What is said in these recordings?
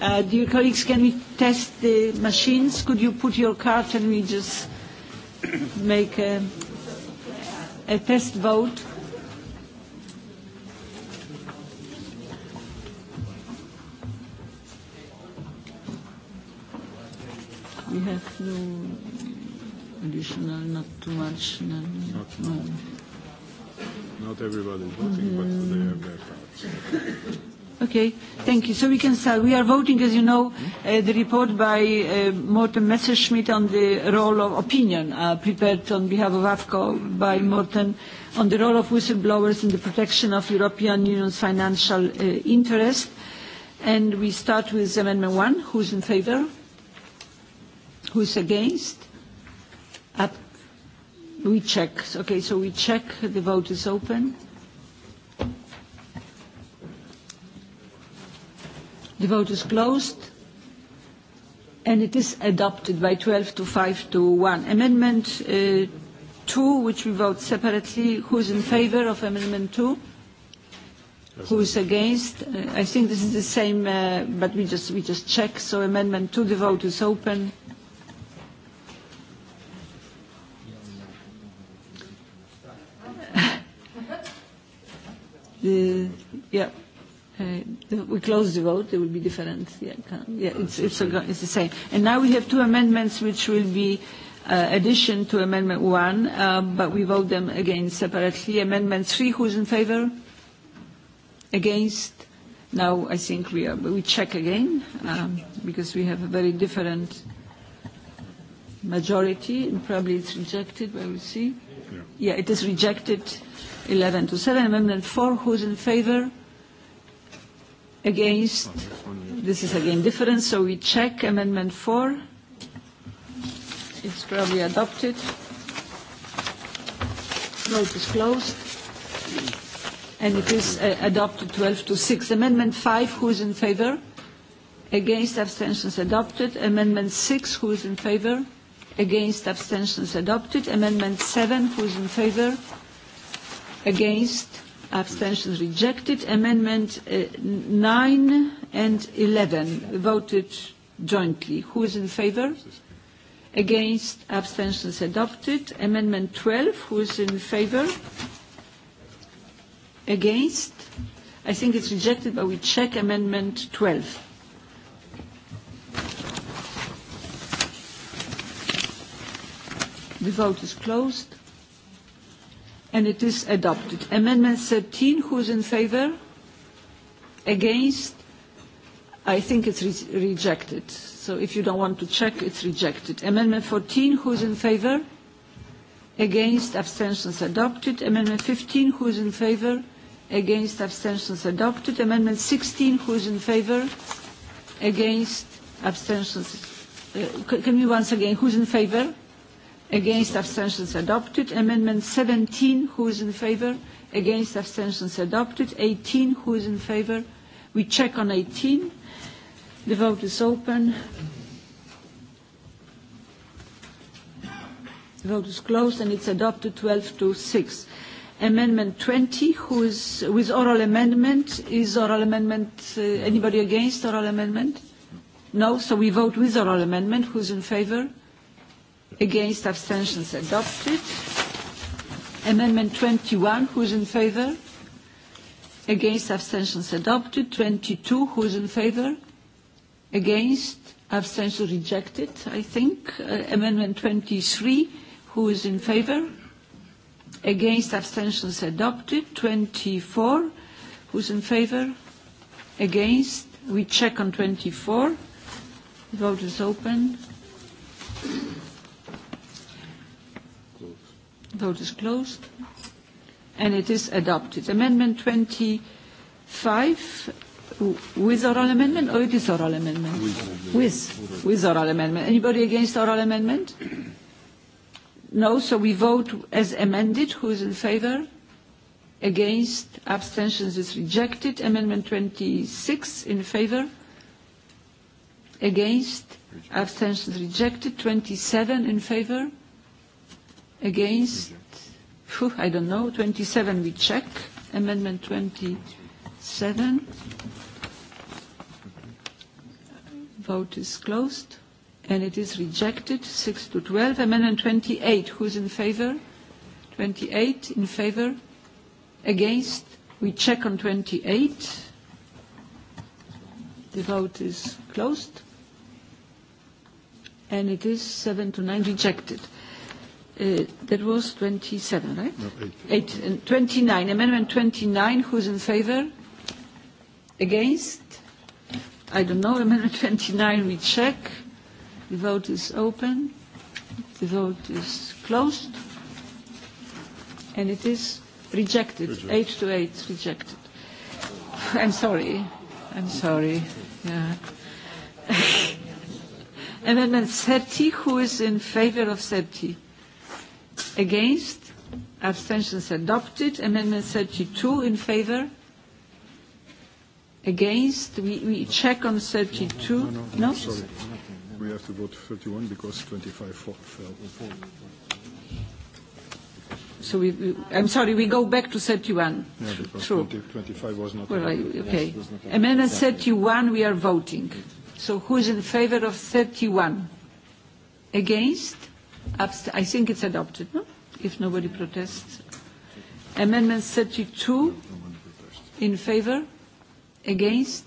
Dear colleagues, can we test the machines? Could you put your card and we just make a test vote? We have no additional, not too much. Not everybody voting, but they have their cards. Okay, thank you. So we can start. We are voting, as you know, the report by Morten Messerschmidt on the role of opinion prepared on behalf of AFCO by Morten on the role of whistleblowers in the protection of European Union's financial interest. And we start with Amendment 1. Who's in favor? Who's against? We check. Okay, so we check. The vote is open. The vote is closed. And it is adopted by 12 to 5 to 1. Amendment 2, which we vote separately. Who is in favor of Amendment 2? Who is against? I think this is the same, but we just we just check. So Amendment 2, the vote is open. Yeah, We close the vote. it will be different. Yeah, it's it's the same. And now we have two amendments which will be addition to Amendment 1, but we vote them again separately. Amendment 3, who is in favor? Against? Now I think we are. We check again because we have a very different majority and probably it's rejected. But we'll see. Yeah, it is rejected. 11 to 7. Amendment 4, who is in favor? Against? This is again different, so we check Amendment 4. It's probably adopted. Vote is closed. And it is adopted 12 to 6. Amendment 5, who is in favor? Against abstentions adopted. Amendment 6, who is in favor? Against abstentions adopted. Amendment 7, who is in favor? Against abstentions rejected. Amendment 9 and 11 voted jointly. Who is in favor? Against, abstentions adopted. Amendment 12, who is in favor? Against? I think it's rejected, but we check Amendment 12. The vote is closed and it is adopted. Amendment 13, who is in favor? Against? I think it's rejected. So if you don't want to check, it's rejected. Amendment 14, who is in favor? Against? Abstentions adopted. Amendment 15, who is in favor? Against? Abstentions adopted. Amendment 16, who is in favor? Against? Abstentions. Can we once again, who is in favor? against abstentions adopted amendment 17 who is in favor against abstentions adopted 18 who is in favor we check on 18 the vote is open the vote is closed and it's adopted 12 to 6 amendment 20 who is with oral amendment is oral amendment anybody against oral amendment no so we vote with oral amendment who is in favor against abstentions adopted amendment 21 who is in favor against abstentions adopted 22 who is in favor against abstentions rejected i think amendment 23 who is in favor against abstentions adopted 24 who is in favor against we check on 24 the vote is open Vote is closed. And it is adopted. Amendment 25 with oral amendment or it is oral amendment? With. With oral amendment. Anybody against oral amendment? No, so we vote as amended. Who is in favor? Against? Abstentions is rejected. Amendment 26 in favor? Against? Abstentions rejected. 27 in favor? Against? I don't know. 27 we check. Amendment 27. Vote is closed. And it is rejected. 6 to 12. Amendment 28. Who's in favor? 28 in favor. Against? We check on 28. The vote is closed. And it is 7 to 9 rejected. That was 27, right? No, 8. 29. Amendment 29. Who's in favor? Against? I don't know. Amendment 29, we check. The vote is open. The vote is closed. And it is rejected. 8 to 8, rejected. I'm sorry. I'm sorry. Yeah. Amendment 30. Who is in favor of 30? Against? Abstentions adopted. Amendment 32 in favor? Against? We check on 32. No? Sorry. We have to vote 31 because 25 fell. So we, I'm sorry, we go back to 31. Yeah, 25 was not. okay. Amendment 31, we are voting. So who is in favor of 31? Against? I think it's adopted, no? if nobody protests. Amendment 32 in favor, against.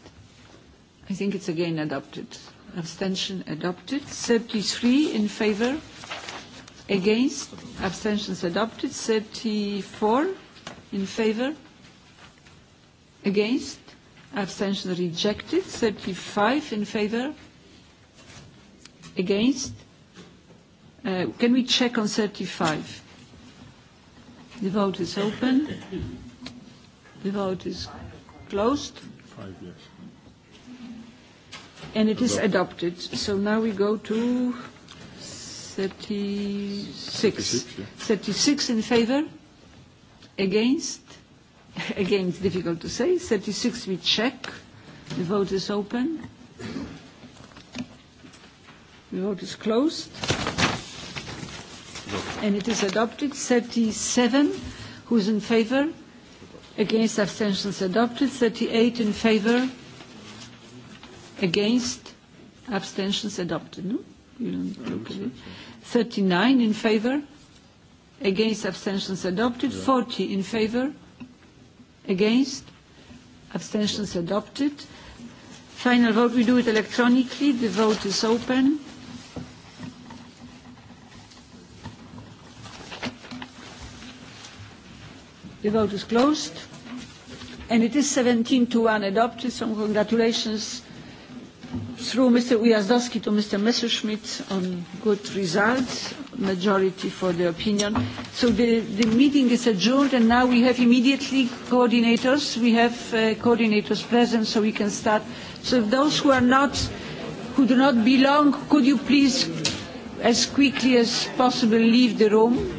I think it's again adopted. Abstention adopted. 33 in favor, against. Abstentions adopted. 34 in favor, against. Abstention rejected. 35 in favor, against. Can we check on 35? The vote is open. The vote is closed. yes. And it is adopted. So now we go to 36. 36 in favor? Against? Again, it's difficult to say. 36 we check. The vote is open. The vote is closed and it is adopted 37 who's in favor against abstentions adopted 38 in favor against abstentions adopted no you don't look at it 39 in favor against abstentions adopted 40 in favor against abstentions adopted final vote we do it electronically the vote is open The vote is closed. And it is 17 to 1 adopted. So congratulations through Mr. Ujazdowski to Mr. Messerschmidt on good results, majority for the opinion. So the, the meeting is adjourned and now we have immediately coordinators. We have coordinators present so we can start. So those who are not, who do not belong, could you please as quickly as possible leave the room?